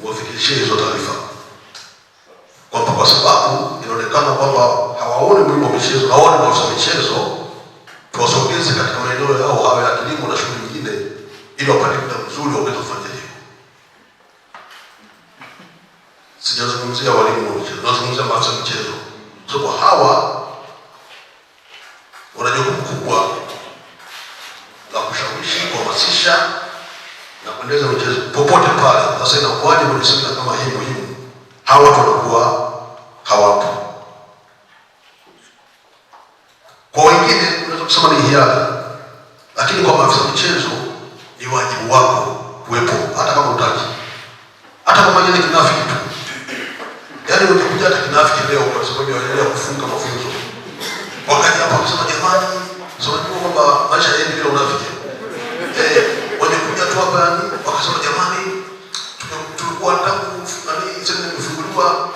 uwafikishie hizo taarifa, kwamba kwa sababu inaonekana kwamba hawaoni muhimu wa michezo, hawaoni maafisa michezo, tuwasogeze katika maeneo yao, hawe ya kilimo na shughuli nyingine, ili wapate muda mzuri waweze kufanya hivyo. Sijazungumzia walimu wa michezo, nazungumzia maafisa michezo. So hawa kuendeleza mchezo popote pale. Sasa inakuwaje kwenye sekta kama hii muhimu, hawa watu wanakuwa hawapo? Kwa wengine unaweza kusema ni hiari, lakini kwa maafisa michezo ni wajibu wako kuwepo, hata kama utaki, hata kama jene kinafiki tu. Yaani utakuja hata kinafiki leo kwa sababu ya kufunga mafunzo, wakati hapa kusema jamani, unajua kwamba maisha yendi bila unafiki eh, wanakuja tu hapa tulikuwa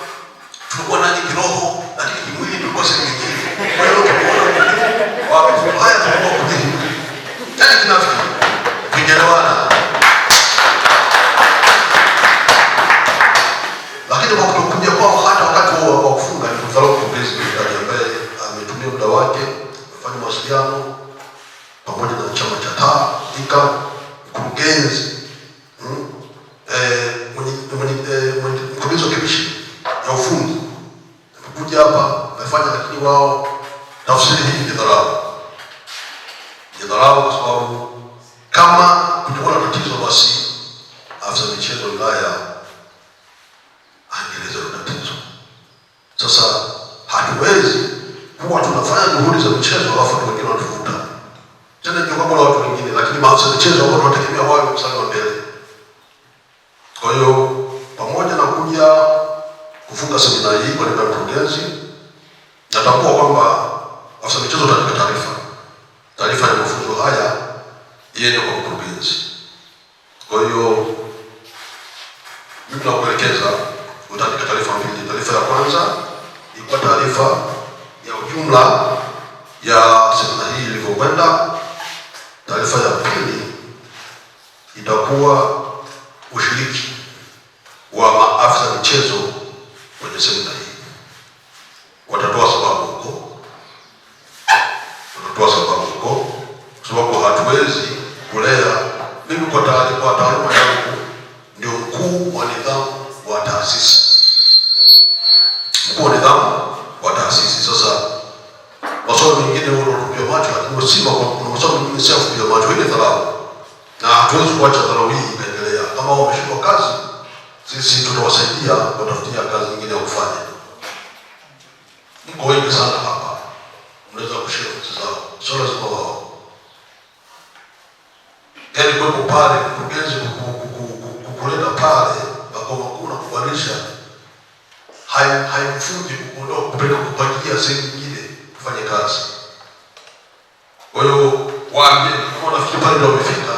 tulikuwa nani kiroho, lakini kimwili tulikuwa sehemu nyingine. Kwa hiyo kwa wakati haya tulikuwa kujini yani kinafiki kinyelewana, lakini kwa kutokuja kwao hata wakati wa kufunga ni kutharau kumpezi mtaji ambaye ametumia muda wake kufanya mawasiliano pamoja na chama cha taa ika mkurugenzi tafsiri hii kidharau, kidharau kwa sababu kama kutakuwa na tatizo, basi afisa michezo wilaya angeleza tatizo. Sasa hatuwezi kuwa tunafanya juhudi za michezo alafu watu wengine wanatuvuta tena, jukumu la watu wengine, lakini maafisa michezo ambao tunategemea wao msali wa mbele. Kwa hiyo pamoja na kuja kufunga semina hii kwa niaba ya mkurugenzi, natambua kwamba kwa michezo utalipa taarifa, taarifa ya mafunzo haya iende kwa mkurugenzi. Kwa hiyo mimi nakuelekeza utaandika taarifa mbili. Taarifa ya kwanza ilikuwa taarifa ya ujumla ya semina hii ilivyokwenda. Taarifa ya pili itakuwa ushiriki wa maafisa michezo kwenye semina. hawezi kulea. Mimi kwa taaluma yangu ndio mkuu wa nidhamu wa taasisi, mkuu wa nidhamu wa taasisi. Sasa masomo mengine unakuja macho, lakini kuna masomo mengine sio kuja macho, ile dharau, na hatuwezi kuacha dharau hii ikaendelea. Kama wameshindwa kazi, sisi tutawasaidia kutafutia kazi nyingine ya kufanya. Mko wengi sana hapa. aliyoko pale mkurugenzi kukuleta pale makao makuu na kufanisha haimfundi kupeleka kupakia sehemu